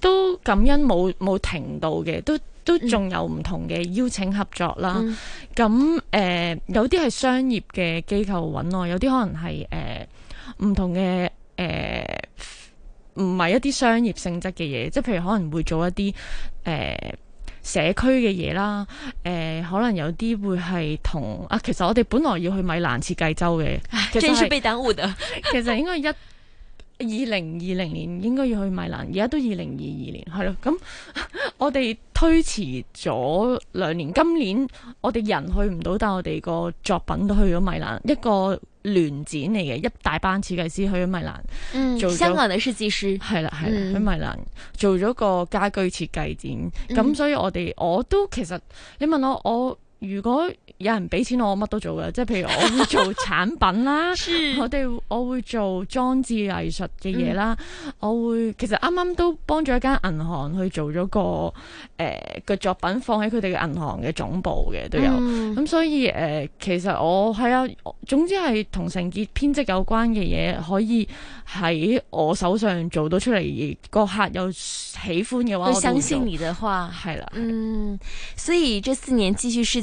都感恩冇冇停到嘅，都都仲有唔同嘅邀請合作啦。咁誒、嗯呃，有啲係商業嘅機構揾我，有啲可能係誒唔同嘅誒，唔係一啲商業性質嘅嘢，即係譬如可能會做一啲誒、呃、社區嘅嘢啦。誒、呃、可能有啲會係同啊，其實我哋本來要去米蘭設計周嘅，是真是被耽誤的。其實應該一 二零二零年應該要去米蘭，而家都二零二二年，係咯。咁我哋推遲咗兩年，今年我哋人去唔到，但我哋個作品都去咗米蘭，一個聯展嚟嘅，一大班設計師去咗米蘭，做香港人設計師書係啦係啦，去米蘭做咗個家居設計展，咁、嗯、所以我哋我都其實你問我我。如果有人俾錢我，乜都做嘅，即係譬如我會做產品啦，我哋 是我會做裝置藝術嘅嘢啦，嗯、我會，其實啱啱都幫咗一間銀行去做咗個誒、呃、個作品放喺佢哋嘅銀行嘅總部嘅都有，咁、嗯嗯、所以、呃、其實我係啊，總之係同成件編織有關嘅嘢，可以喺我手上做到出嚟，個客又喜歡嘅話，我相信你嘅話係啦，嗯，所以這四年繼續是。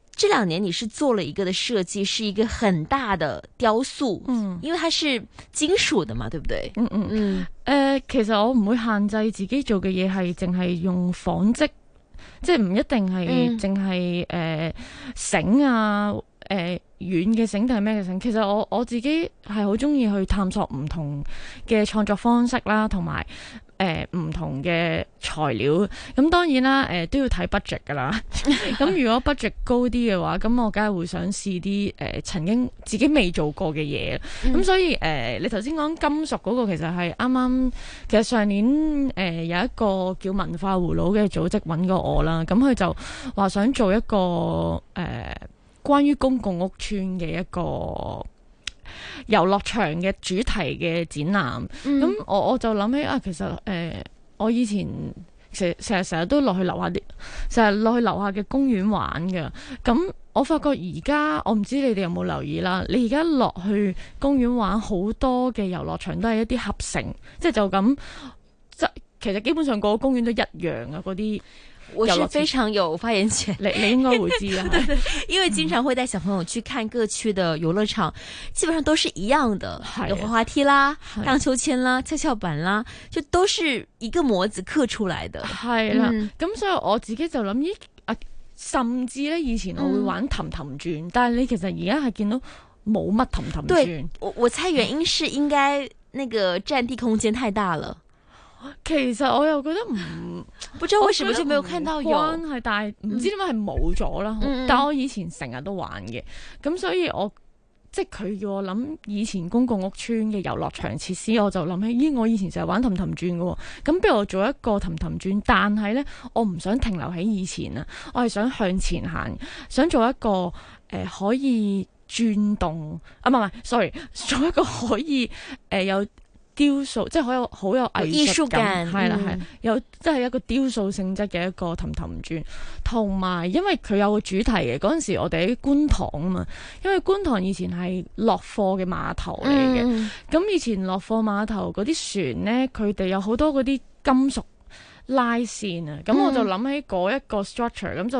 這兩年你是做了一個的設計，是一個很大的雕塑，嗯，因為它是金屬的嘛，對不對？嗯嗯嗯，誒、嗯、呃，其實我唔會限制自己做嘅嘢係淨係用紡織，即係唔一定係淨係誒繩啊。誒軟嘅繩定係咩嘅繩？其實我我自己係好中意去探索唔同嘅創作方式啦，呃、同埋誒唔同嘅材料。咁當然啦，誒、呃、都要睇 budget 噶啦。咁 如果 budget 高啲嘅話，咁我梗係會想試啲誒、呃、曾經自己未做過嘅嘢。咁、嗯、所以誒、呃，你頭先講金屬嗰個其實係啱啱，其實上年誒、呃、有一個叫文化葫蘆嘅組織揾過我啦。咁佢就話想做一個誒。呃關於公共屋邨嘅一個遊樂場嘅主題嘅展覽，咁我、嗯、我就諗起啊，其實誒、呃，我以前成成日成日都落去樓下啲，成日落去樓下嘅公園玩嘅。咁我發覺而家我唔知你哋有冇留意啦，你而家落去公園玩，好多嘅遊樂場都係一啲合成，即係就咁、是，即其實基本上個個公園都一樣啊，嗰啲。我是非常有發言權，你你應該會知道！因為經常會帶小朋友去看各區的遊樂場， 基本上都是一樣的，的有滑滑梯啦、盪的秋千啦、蹺蹺板啦，就都是一個模子刻出來的。係啦的，咁、嗯、所以我自己就諗咦，啊，甚至呢，以前我會玩氹氹轉，嗯、但係你其實而家係見到冇乜氹氹轉。對，我我猜原因是應該那個佔地空間太大了、嗯。其實我又覺得唔。好似好似冇聽到有關、嗯、但係唔知點解係冇咗啦。嗯、但係我以前成日都玩嘅，咁所以我即係佢叫我諗以前公共屋邨嘅遊樂場設施，我就諗起咦，我以前成日玩氹氹轉嘅喎。咁不如我做一個氹氹轉，但係咧我唔想停留喺以前啊，我係想向前行，想做一個誒、呃、可以轉動啊，唔係唔係，sorry，做一個可以誒、呃、有。雕塑即係好有好有藝術感，係啦係，有即係、就是、一個雕塑性質嘅一個氹氹轉，同埋因為佢有個主題嘅嗰陣時，我哋喺觀塘啊嘛，因為觀塘以前係落貨嘅碼頭嚟嘅，咁、嗯、以前落貨碼頭嗰啲船呢，佢哋有好多嗰啲金屬拉線啊，咁我就諗起嗰一個 structure，咁、嗯、就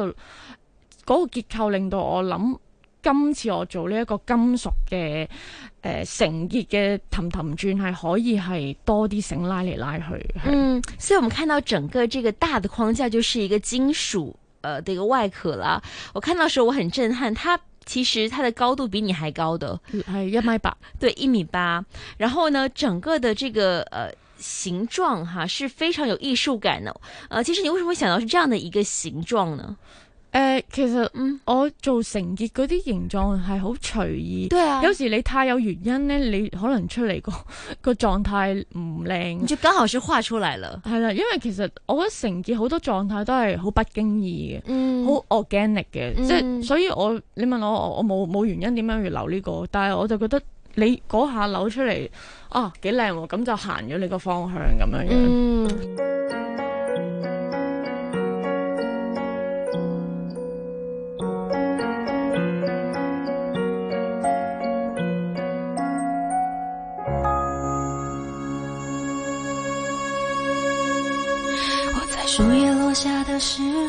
嗰個結構令到我諗。今次我做呢一個金屬嘅誒、繩結嘅氹氹轉，係可以係多啲繩拉嚟拉去。嗯，所以我們看到整個這個大的框架就是一個金屬、呃、的一個外殼啦。我看到時候我很震撼，它其實它的高度比你還高的，的係、嗯、一米八，對，一米八。然後呢，整個的這個、呃、形狀哈是非常有藝術感的、呃。其實你為什麼會想到是這樣的一個形狀呢？誒、呃，其實嗯，我做成結嗰啲形狀係好隨意，對啊，有時你太有原因咧，你可能出嚟個個狀態唔靚，就剛好就畫出嚟啦。係啦，因為其實我覺得成結好多狀態都係好不經意嘅，好 organic 嘅，organ 的嗯，即係所以我你問我我沒有我冇冇原因點樣要留呢，這個，但係我就覺得你嗰下扭出嚟啊幾靚，咁就行咗你個方向咁樣樣。嗯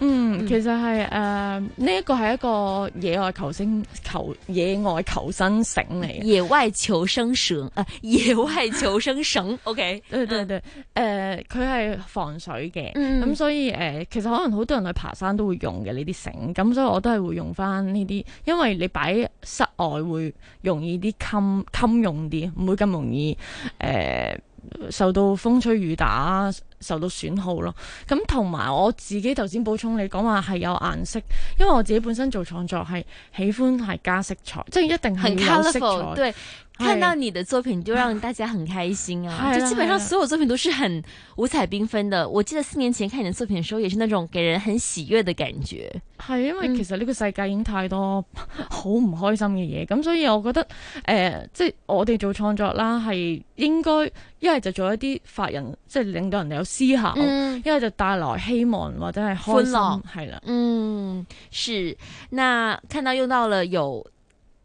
嗯，其實係誒呢一個係一個野外求生求野外求生繩嚟，野外求生繩誒野外求生繩。啊、OK，對對對，誒佢係防水嘅，咁、嗯嗯、所以誒、呃、其實可能好多人去爬山都會用嘅呢啲繩，咁所以我都係會用翻呢啲，因為你擺室外會容易啲襟襟用啲，唔會咁容易誒。呃受到風吹雨打，受到損耗咯。咁同埋我自己頭先補充，你講話係有顏色，因為我自己本身做創作係喜歡係加色彩，即係一定係要色彩。是看到你的作品就讓大家很開心啊！啊就基本上所有作品都是很五彩繽紛的。啊啊、我記得四年前看你的作品的時候，也是那種給人很喜悦的感覺。係、啊嗯、因為其實呢個世界已經太多好唔開心嘅嘢，咁所以我覺得誒、呃，即係我哋做創作啦，係應該一係就做一啲發、就是、人，即係令到人哋有思考；一係、嗯、就帶來希望或者係開心。係啦樂，啊、嗯，是。那看到用到了有。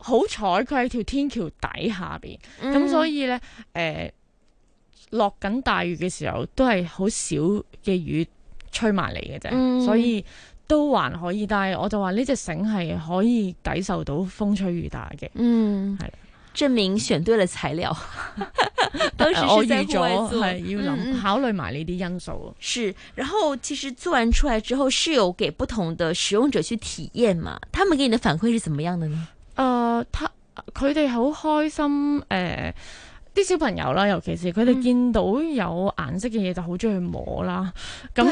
好彩佢喺條天橋底下邊，咁所以呢，誒、嗯，落緊、呃、大雨嘅時候都係好少嘅雨吹埋嚟嘅啫，嗯、所以都還可以。但係我就話呢隻繩係可以抵受到風吹雨打嘅，嗯，係是證明選對了材料。 當時我係要諗考慮埋呢啲因素。是，然後其實做完出來之後，是有給不同的使用者去體驗嘛？他們給你的反饋是怎麼樣的呢？誒、呃，他佢哋好開心，誒、呃、啲小朋友啦，尤其是佢哋見到有顏色嘅嘢，就好中意摸啦。咁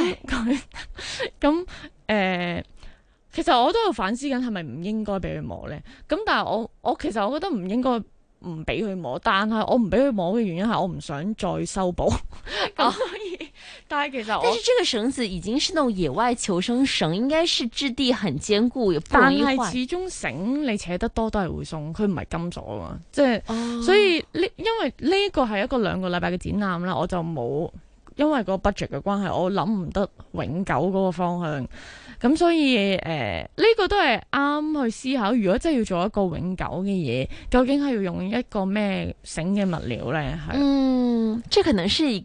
咁誒，其實我都喺度反思緊，係咪唔應該俾佢摸呢？咁但係我我其實我覺得唔應該唔俾佢摸，但係我唔俾佢摸嘅原因係我唔想再修補。咁可以。 啊 但係其實我，但是這個繩子已經是那種野外求生繩，應該是質地很堅固，也不容易壞，但係始終繩你扯得多都係會鬆，佢唔係金屬啊嘛，即係，哦、所以呢，因為呢個係一個兩個禮拜嘅展覽啦，我就冇因為嗰個 budget 嘅關係，我諗唔得永久嗰個方向，咁所以誒呢、呃這個都係啱去思考，如果真係要做一個永久嘅嘢，究竟係要用一個咩繩嘅物料呢？係嗯，這可能是。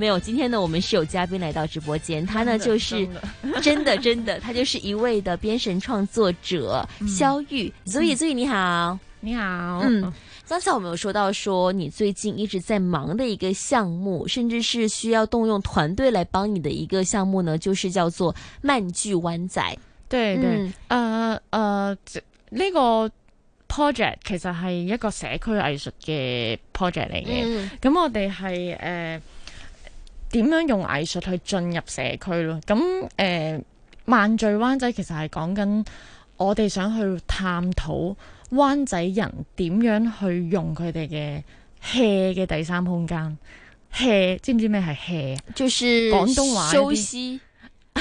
沒有，今天呢，我們是有嘉賓來到直播間，他呢的就是真的真的， 他就是一位的編神創作者肖、嗯、玉。所以，所以、嗯、你好，你好。嗯，剛才我們有說到說，你最近一直在忙的一個項目，甚至是需要動用團隊來幫你的一個項目呢，就是叫做漫劇灣仔。對、嗯、對，呃呃，這個 project 其實係一個社區藝術嘅 project 嚟嘅，咁、嗯、我哋係誒。呃點樣用藝術去進入社區咯？咁誒、呃，萬聚灣仔其實係講緊我哋想去探討灣仔人點樣去用佢哋嘅 hea 嘅第三空間 hea，知唔知咩係 hea？就是廣東話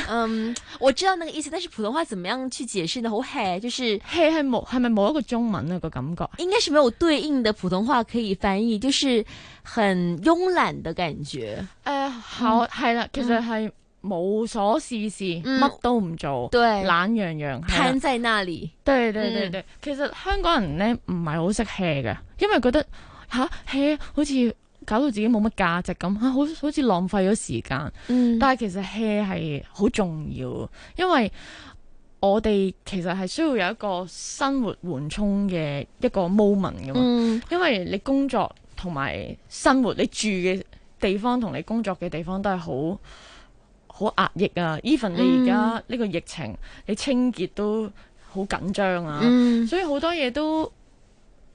嗯， um, 我知道那個意思，但是普通話怎麼樣去解釋呢？好 hea 就是 hea 係冇係咪冇一個中文啊個感覺？應該是沒有對應的普通話可以翻譯，就是很慵懶的感覺。誒、哎，好係啦，其實係冇所事事，乜、嗯、都唔做，對、嗯，懶洋洋癱在那裡。對對對對，嗯、其實香港人呢唔係好識 hea 嘅，因為覺得吓 hea 好似。搞到自己冇乜價值咁，吓，好好似浪費咗時間。嗯、但係其實 hea 係好重要，因為我哋其實係需要有一個生活緩衝嘅一個 moment 噶嘛，嗯。因為你工作同埋生活，你住嘅地方同你工作嘅地方都係好，好壓抑啊。Even 你而家呢個疫情，嗯、你清潔都好緊張啊。嗯、所以好多嘢都。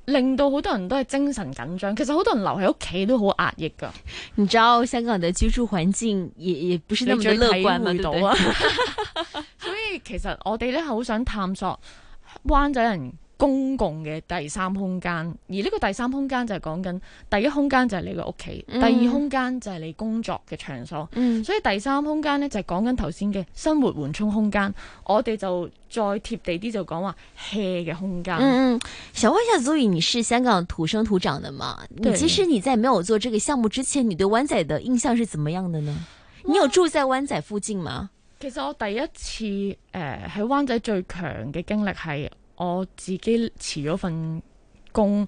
令到好多人都係精神緊張，其實好多人留喺屋企都好壓抑㗎。然之後香港人嘅居住環境也也不是那麼樂觀到啊。 所以其實我哋呢好想探索灣仔人。公共嘅第三空間，而呢個第三空間就係講緊第一空間就係你個屋企，嗯、第二空間就係你工作嘅場所，嗯、所以第三空間呢，就係講緊頭先嘅生活緩衝空間。嗯、我哋就再貼地啲就講話 hea 嘅空間。嗯嗯，想問一下 Zoe，你是香港土生土長的嘛？對。其實你，你在沒有做這個項目之前，你對灣仔的印象是怎麼樣的呢？我你有住在灣仔附近嗎？其實我第一次誒喺、呃、灣仔最強嘅經歷係。我自己辭咗份工，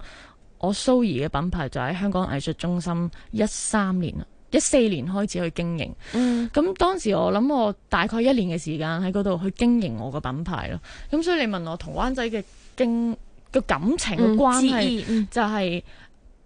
我蘇怡嘅品牌就喺香港藝術中心一三年，一四年開始去經營。嗯，咁當時我諗我大概一年嘅時間喺嗰度去經營我個品牌咯。咁所以你問我同灣仔嘅經個感情嘅關係，嗯嗯、就係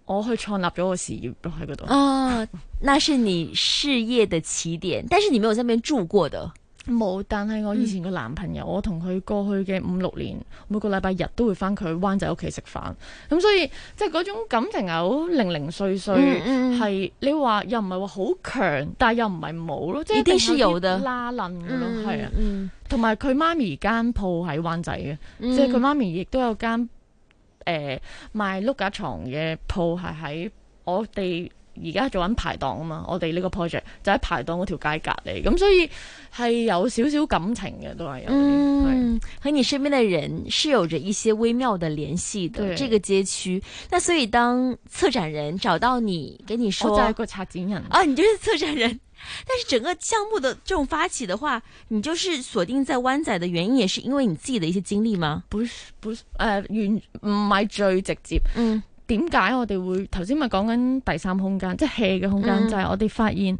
我去創立咗個事業喺嗰度。哦，那是你事業的起點，但是你沒有在邊住過的。冇，但係我以前個男朋友，嗯、我同佢過去嘅五六年，每個禮拜日都會翻佢灣仔屋企食飯，咁所以即係嗰種感情係好零零碎碎，係、嗯嗯、你話又唔係話好強，但係又唔係冇咯，即係一定係有得拉楞噶咯，係、嗯嗯、啊，同埋佢媽咪間鋪喺灣仔嘅，嗯、即係佢媽咪亦都有間誒、呃、賣碌架床嘅鋪係喺我哋。而家做緊排檔啊嘛，我哋呢個 project 就喺、是、排檔嗰條街隔離，咁所以係有少少感情嘅，都係有啲係喺你身邊嘅人是有着一些微妙嘅聯繫的，對這個街區。那所以當策展人找到你，給你說，我就是個策展人，你就是策展人。但是整個項目的這種發起的話，你就是鎖定在灣仔的原因，也是因為你自己的一些經歷嗎？不，不，呃、原不是，不誒，完唔係最直接。嗯。點解我哋會頭先咪講緊第三空間，即係氣嘅空間，嗯？就係我哋發現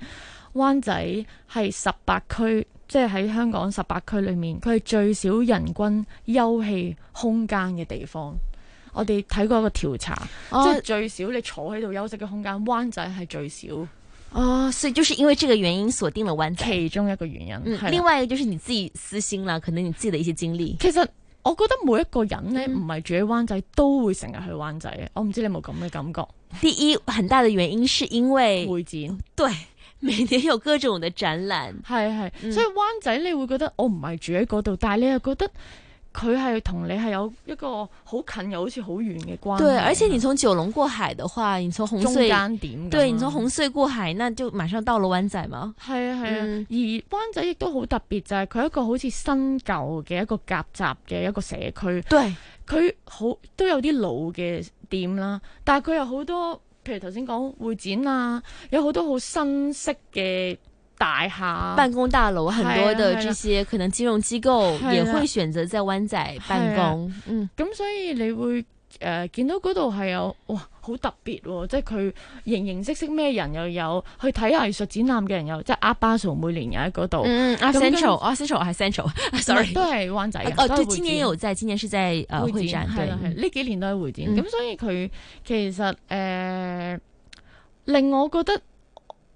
灣仔係十八區，即係喺香港十八區裏面，佢係最少人均休憩空間嘅地方。我哋睇過一個調查，啊、即係最少你坐喺度休息嘅空間，灣仔係最少。哦、啊，所以就是因為這個原因鎖定了灣仔。其中一個原因，嗯、的另外一個就是你自己私心啦，可能你自己的一些經歷。其實。我覺得每一個人咧，唔係住喺灣仔都會成日去灣仔嘅。我唔知你有冇咁嘅感覺？第一，很大嘅原因是因為會展見，對，每年有各種嘅展覽，係係， 所以灣仔你會覺得我唔係住喺嗰度，但係你又覺得。佢係同你係有一個很近有好近又好似好遠嘅關係。係對，而且你從九龍過海的話，你從紅隧，中間點。對，你從紅隧過海那就馬上到老灣仔嘛。係啊係啊，嗯、而灣仔亦都好特別，就係、是、佢一個好似新舊嘅一個夾雜嘅一個社區。對，佢好都有啲老嘅店啦，但係佢有好多，譬如頭先講會展啦、啊，有好多好新式嘅。大廈、辦公大樓，很多的這些可能金融機構也會選擇在灣仔辦公。嗯，咁所以你會誒見到嗰度係有，哇，好特別，即係佢形形色色咩人又有，去睇藝術展覽嘅人又有，即係 Art Basel 每年又喺嗰度，阿 Central、阿 Central、阿 Central，sorry，都係灣仔哦，對，今年又，有在，今年是在誒會展，係呢幾年都喺會展。咁所以佢其實誒令我覺得。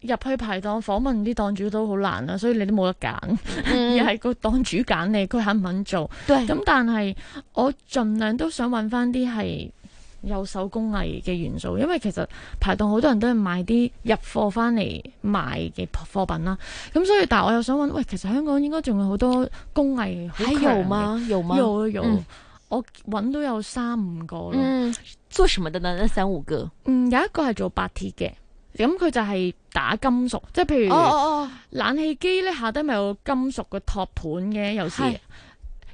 入去排檔訪問啲檔主都好難啦，所以你都冇得揀，嗯、而係個檔主揀你，佢肯唔肯做？咁對但係我盡量都想揾翻啲係有手工藝嘅元素，因為其實排檔好多人都係買啲入貨翻嚟賣嘅貨品啦。咁所以，但係我又想問，喂，其實香港應該仲有好多工藝好強嘅，有冇？有有嗯、我揾到有三五個。嗯，做什麼的呢？三五個？嗯，有一個係做白鐵嘅。咁佢就係打金屬，即係譬如哦哦，oh, oh, oh。冷氣機咧下低咪有金屬嘅托盤嘅，有時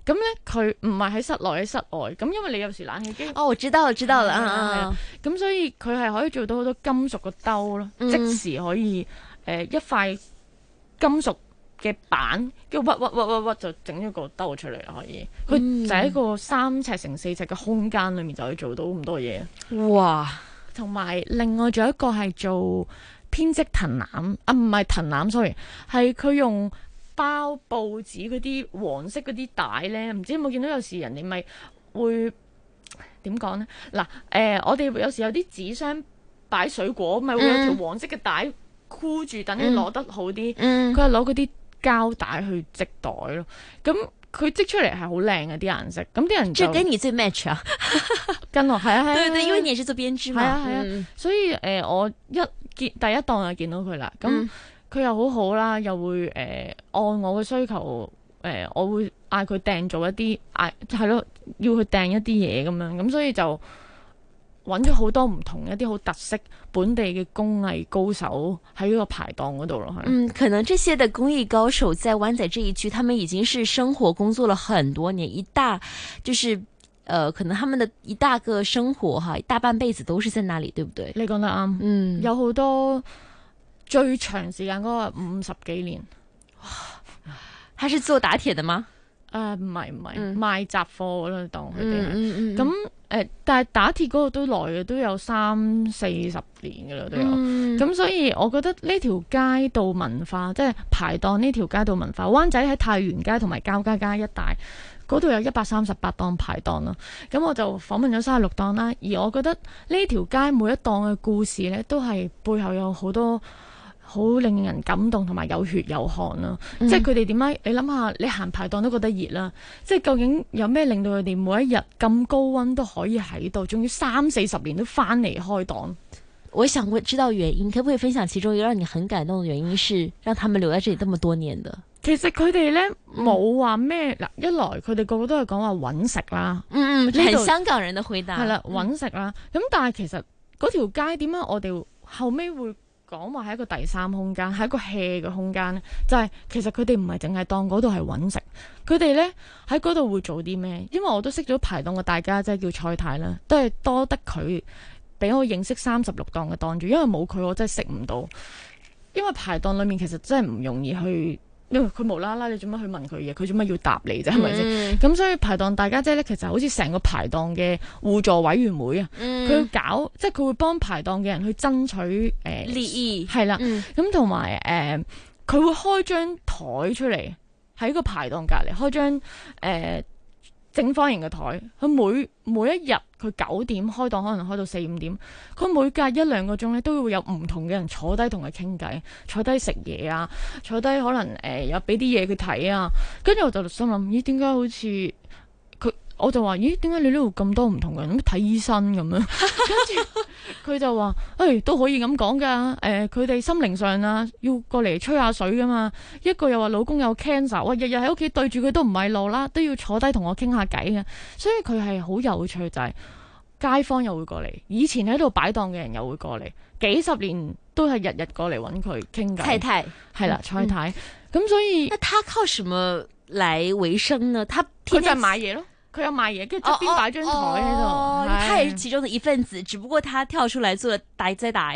咁咧佢唔係喺室內，喺室外，咁因為你有時冷氣機哦，我、oh, 知道我知道啦，咁、嗯嗯、所以佢係可以做到好多金屬嘅兜咯，嗯、即時可以誒、呃、一塊金屬嘅板，跟住屈屈屈屈屈就整咗個兜出嚟可以，佢、嗯、就喺個三尺乘四尺嘅空間裏面就可以做到咁多嘢，哇！同埋另外仲有一個係做編織藤籃啊，唔係藤籃，sorry，係佢用包報紙嗰啲黃色嗰啲帶咧，唔知有冇見到有時人哋咪會點講咧嗱？誒、啊呃，我哋有時有啲紙箱擺水果，咪、嗯、會有條黃色嘅帶箍住，等你攞得好啲。佢係攞嗰啲膠帶去織袋咯，咁、嗯。佢織出嚟係好靚嘅啲顏色，咁啲人着緊你最 match 啊，跟落係啊係，啊對對，因為你係做編織嘛，啊。啊嗯、所以誒、呃、我一見第一檔就見到佢啦，咁佢又好好啦，又會誒、呃、按我嘅需求誒、呃，我會嗌佢訂做一啲，嗌係咯，要去訂一啲嘢咁樣，咁所以就。揾咗好多唔同一啲好特色本地嘅工藝高手喺呢個排檔嗰度咯，嗯，可能這些的工藝高手在灣仔這一區，他們已經是生活工作了很多年，一大就是、呃，可能他們的一大個生活哈，大半輩子都是在那裡，對不對？你講得啱，嗯，有好多最長時間嗰個五十幾年，哇，他是做打鐵的嗎？啊，唔係唔係，賣雜貨啦，當佢哋，咁誒、嗯呃，但係打鐵嗰個都耐嘅，都有三四十年嘅啦，都有。咁、嗯、所以，我覺得呢條街道文化，即係排檔呢條街道文化，灣仔喺太原街同埋交加街一帶嗰度有一百三十八檔排檔啦。咁我就訪問咗三十六檔啦，而我覺得呢條街每一檔嘅故事呢，都係背後有好多。好令人感動同埋有血有汗啊。嗯，即係佢哋點解？你諗下，你行排檔都覺得熱啦，即係究竟有咩令到佢哋每一日咁高溫都可以喺度，仲要三四十年都翻嚟開檔？我想知道原因，可唔可以分享其中一個讓你很感動嘅原因，是讓他們留在這裏這麼多年的？其實佢哋呢冇話咩嗱，一來佢哋個個都係講話揾食啦，嗯嗯，係香港人嘅回答係啦，揾食啦。咁但係其實嗰條街點解我哋後尾會。講話係一個第三空間，係一個 hea 嘅空間呢，就係、是、其實佢哋唔係淨係當嗰度係揾食，佢哋呢喺嗰度會做啲咩？因為我都識咗排檔嘅大家姐叫蔡太啦，都係多得佢俾我認識三十六檔嘅檔主，因為冇佢我真係食唔到。因為排檔裏面其實真係唔容易去。因為佢無啦啦，你做乜去問佢嘢？佢做乜要答你啫？係咪先？咁所以排檔大家姐咧，其實好似成個排檔嘅互助委員會啊。佢、嗯、搞，即係佢會幫排檔嘅人去爭取誒利益，係、呃、啦。咁同埋誒，佢會開張台出嚟，喺個排檔隔籬開張誒。呃整方形嘅枱，佢每每一日佢九點開檔，可能開到四五點，佢每隔一兩個鐘呢，都會有唔同嘅人坐低同佢傾偈，坐低食嘢啊，坐低可能誒有俾啲嘢佢睇啊，跟住我就心諗，咦點解好似？我就話咦，點解你呢度咁多唔同嘅人睇醫生咁樣？ 跟住佢就話，誒、欸，都可以咁講噶。誒、欸，佢哋心靈上啦，要過嚟吹下水噶嘛。一個又話老公有 cancer，日日喺屋企對住佢都唔係路啦，都要坐低同我傾下偈嘅。所以佢係好有趣就係、是，街坊又會過嚟，以前喺度擺檔嘅人又會過嚟，幾十年都係日日過嚟揾佢傾偈。蔡太係啦，蔡太。咁所以，那他靠什麼來維生呢？佢就係買嘢咯。佢有賣嘢，跟住側邊擺張台喺度。哦，啊、他也是其中的一份子，啊、只不過他跳出來做大姐大。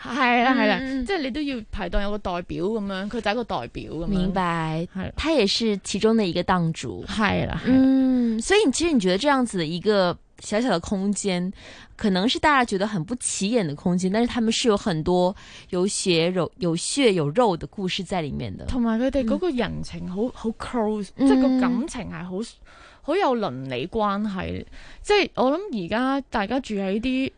係啦，係啦、啊，啊嗯、即係你都要排檔有個代表咁樣，佢就係個代表咁樣。明白，係、啊。他也是其中的一個檔主。係啦、啊，啊、嗯，所以其實你覺得這樣子的一個小小嘅空間，可能是大家覺得很不起眼嘅空間，但是他們是有很多有血肉、有血有肉嘅故事在裡面嘅。同埋佢哋嗰個人情好好 close，嗯、即係個感情係好。好有鄰里關係，即係我諗而家大家住喺啲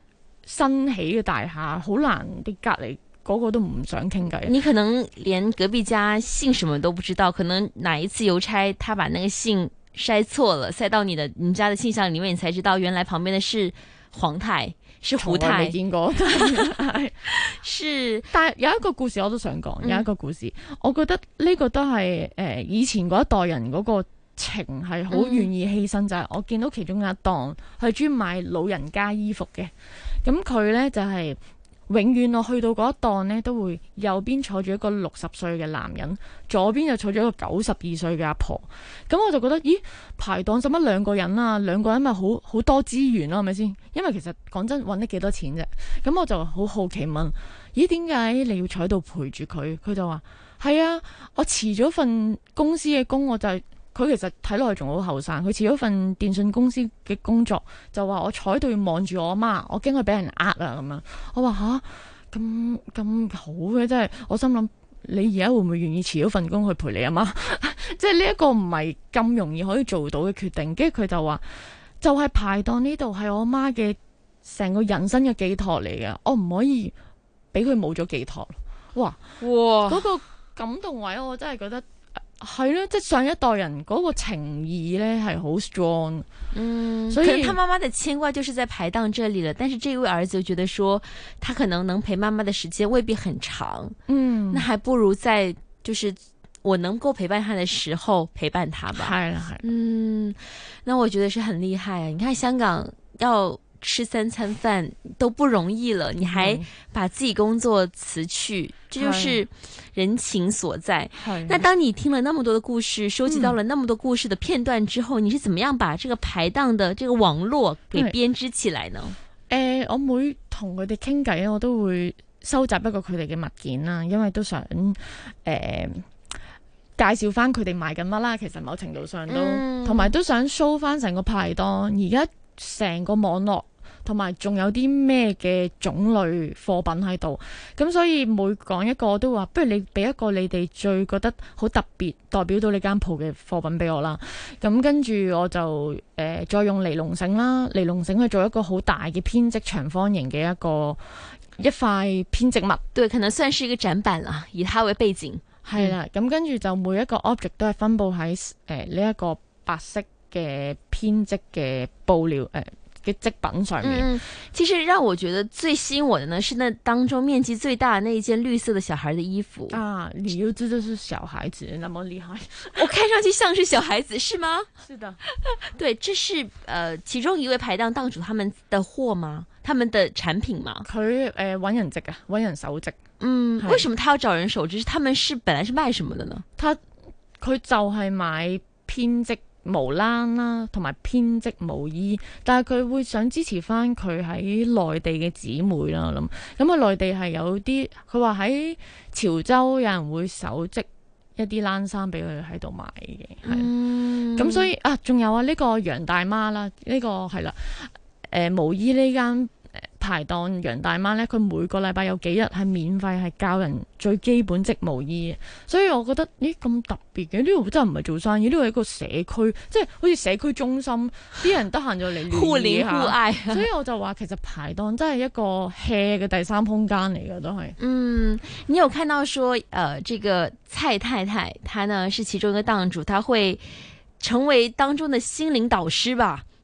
新起嘅大廈，好難啲隔離，個個都唔想傾偈。你可能連隔壁家姓什麼都不知道，可能哪一次郵差他把那個信塞錯了，塞到你的你家的信箱裡面，你才知道原來旁邊的是黃太，是胡太。見過， 是， 但有一個故事我都想講，有一個故事，嗯、我覺得呢個都係誒、呃、以前嗰一代人嗰、那個。情係好願意犧牲，嗯、就係我見到其中一檔係專賣老人家衣服嘅。咁佢呢就係、是、永遠，我去到嗰一檔呢，都會右邊坐住一個六十歲嘅男人，左邊就坐住一個九十二歲嘅阿婆。咁我就覺得，咦，排檔做乜兩個人啊？兩個人咪好好多資源咯、啊，係咪先？因為其實講真的，揾得幾多錢啫、啊。咁我就好好奇問：咦，點解你要坐喺度陪住佢？佢就話：係啊，我辭咗份公司嘅工，我就。佢其實睇落去仲好後生，佢辭咗份電信公司嘅工作，就話我坐喺度望住我阿媽，我驚佢俾人呃啊咁樣。我話吓，咁、啊、咁好嘅，真係，我心諗你而家會唔會願意辭咗份工去陪你阿媽？即係呢一個唔係咁容易可以做到嘅決定。跟住佢就話，就係、是、排檔呢度係我媽嘅成個人生嘅寄託嚟嘅，我唔可以俾佢冇咗寄託。」哇哇，嗰個感動位我真係覺得。係咯，即係上一代人嗰個情誼咧係好 strong，嗯，所以可能他媽媽的牽掛就是在排檔這裏了。但是這位兒子就覺得說，他可能能陪媽媽的時間未必很長，嗯，那還不如在就是我能夠陪伴他的時候陪伴他吧，係啊係，嗯，那我覺得是很厲害啊！你看香港要。吃三餐飯都不容易了，你還把自己工作辭去，是這就是人情所在。是那當你聽了那麼多的故事，嗯、收集到了那麼多故事的片段之後，你是怎麼樣把這個排檔的這個網絡給編織起來呢？誒、欸，我每同佢哋傾偈，我都會收集一個佢哋嘅物件啦，因為都想誒、欸、介紹翻佢哋賣緊乜啦。其實某程度上都同埋、嗯、都想 show 翻成個排檔。而家。成個網絡，同埋仲有啲咩嘅種類貨品喺度，咁所以每講一個我都話，不如你俾一個你哋最覺得好特別、代表到你間鋪嘅貨品俾我啦。咁跟住我就誒、呃、再用尼龍繩啦，尼龍繩去做一個好大嘅編織長方形嘅一個一塊編織物。對，可能算是一個展板啦，以它為背景。係啦、嗯，咁跟住就每一個 object 都係分布喺誒呢一個白色嘅編織嘅布料誒嘅、呃、織品上面、嗯，其實讓我覺得最吸引我的呢，是那當中面積最大的那一件綠色的小孩的衣服啊，你又知道是小孩子那麼厲害， 我看上去像是小孩子是嗎？是的， 對，這是、呃、其中一位排檔檔主他們的貨嗎？他們的產品嗎？佢誒搵人織啊，搵人手織。嗯，是為什麼他要找人手織？是他們是本來是賣什麼的呢？他佢就係買編織。毛冷啦，同埋編織毛衣，但係佢會想支持翻佢喺內地嘅姊妹啦。我諗咁啊，內地係有啲，佢話喺潮州有人會手織一啲冷衫俾佢喺度買嘅，係咁、嗯、所以啊，仲有啊，呢、呢個楊大媽啦，呢、呢個係啦，誒毛衣呢間。排檔楊大媽咧，佢每個禮拜有幾日係免費係教人最基本織毛衣的，所以我覺得咦咁特別嘅，呢度，真係唔係做生意。呢度係一個社區，即係好似社區中心，啲人得閒就嚟互練互嗌，所以我就話其實排檔真係一個 hea 嘅第三空間嚟嘅，都係。嗯，你有看到說，誒、呃，這個蔡太太，她呢是其中一個檔主，她會成為當中的心靈導師吧？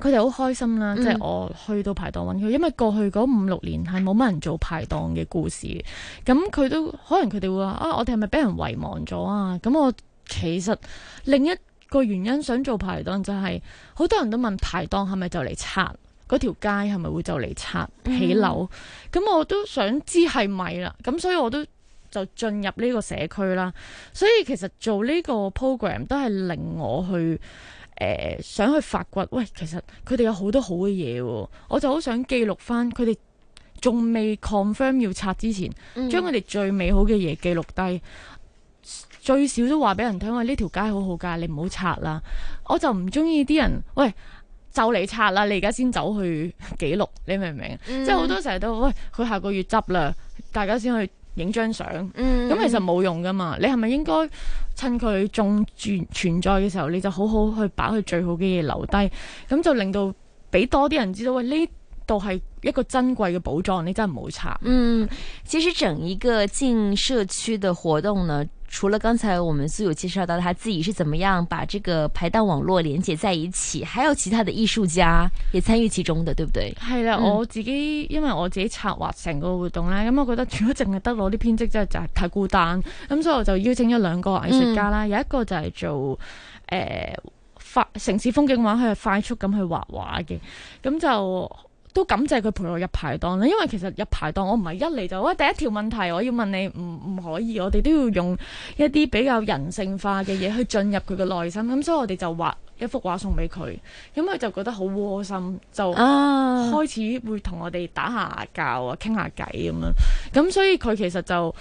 佢哋好開心啦，即係、嗯、我去到排檔揾佢，因為過去嗰五六年係冇乜人做排檔嘅故事。咁佢都可能佢哋會話啊，我哋係咪俾人遺忘咗啊？咁我其實另一個原因想做排檔就係、係、好多人都問排檔係咪就嚟拆，嗰條街係咪會就嚟拆起樓？咁、嗯、我都想知係咪啦。咁所以我都就進入呢個社區啦。所以其實做呢個 program 都係令我去。誒、呃、想去發掘，喂，其實佢哋有好多好嘅嘢，我就好想記錄翻佢哋仲未 confirm 要拆之前，嗯、將佢哋最美好嘅嘢記錄低，最少都話俾人聽，喂，呢條街好好㗎，你唔好拆啦。我就唔中意啲人，喂，就嚟拆啦，你而家先走去記錄，你明唔明白？嗯、即係好多成日都，喂，佢下個月執啦，大家先去，影張相，咁其實冇用噶嘛。你係咪應該趁佢仲存在嘅時候，你就好好去把佢最好嘅嘢留低，咁就令到俾多啲人知道，喂，呢度係一個珍貴嘅寶藏，你真係唔好拆。嗯，其實整一個進社區嘅活動呢？除了剛才我們所友介紹到他自己是怎麼樣把這個排檔網絡連接在一起，還有其他的藝術家也參與其中的，對不對？係啦的，嗯、我自己因為我自己策劃成個活動啦，咁、嗯嗯、我覺得如果淨係得攞啲編輯，真係就太孤單，咁所以我就邀請咗兩個藝術家啦，嗯、有一個就係做誒快、呃、城市風景畫，佢係快速咁去畫畫嘅，咁就。都感謝佢陪我入排檔啦，因為其實入排檔我唔係一嚟就，喂、哎、第一條問題我要問你唔唔可以，我哋都要用一啲比較人性化嘅嘢去進入佢嘅內心，咁所以我哋就畫一幅畫送俾佢，咁佢就覺得好窩心，就開始會同我哋打下牙骹啊，傾下偈咁樣，咁所以佢其實就。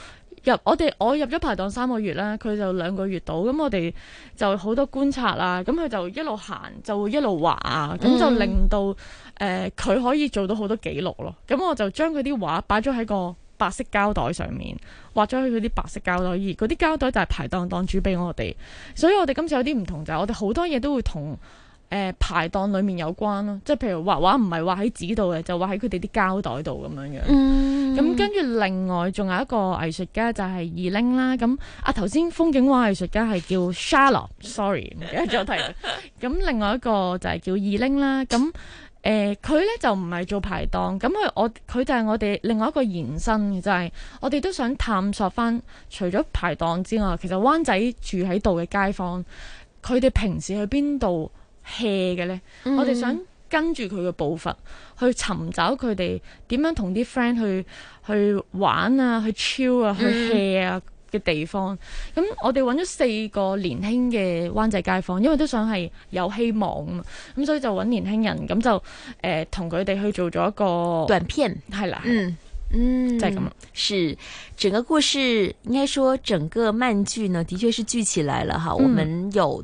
入我哋，我入咗排檔三個月呢，佢就兩個月到，咁我哋就好多觀察啦。咁佢就一路行，就一路畫啊，咁就令到誒佢、嗯呃、可以做到好多記錄咯。咁我就將佢啲畫擺咗喺個白色膠袋上面，畫咗佢啲白色膠袋，而嗰啲膠袋就係排檔檔主俾我哋。所以我哋今次有啲唔同就係、是、我哋好多嘢都會同。排檔裏面有關咯，即係譬如畫畫唔係畫喺紙度嘅，就畫喺佢哋啲膠袋度咁樣樣。咁跟住另外仲有一個藝術家就係二鈴啦。咁啊頭先風景畫藝術家係叫 Charlotte，sorry 唔記得咗題。咁另外一個就係叫二鈴啦。咁佢咧就唔係做排檔，咁佢我佢就係我哋另外一個延伸嘅，就係、是、我哋都想探索翻，除咗排檔之外，其實灣仔住喺度嘅街坊，佢哋平時去邊度？嘅咧，嗯、我哋想跟住佢嘅步伐去尋找佢哋點樣同啲 friend 去去玩啊，去 chill 啊，去 hea 啊嘅地方。咁、嗯、我哋揾咗四個年輕嘅灣仔街坊，因為都想係有希望啊嘛。咁所以就揾年輕人，咁就誒同佢哋去做咗一個短片，係啦，嗯嗯，嗯就係咁，是整個故事應該說整個漫劇呢，的確是聚起來了哈。嗯、我們有。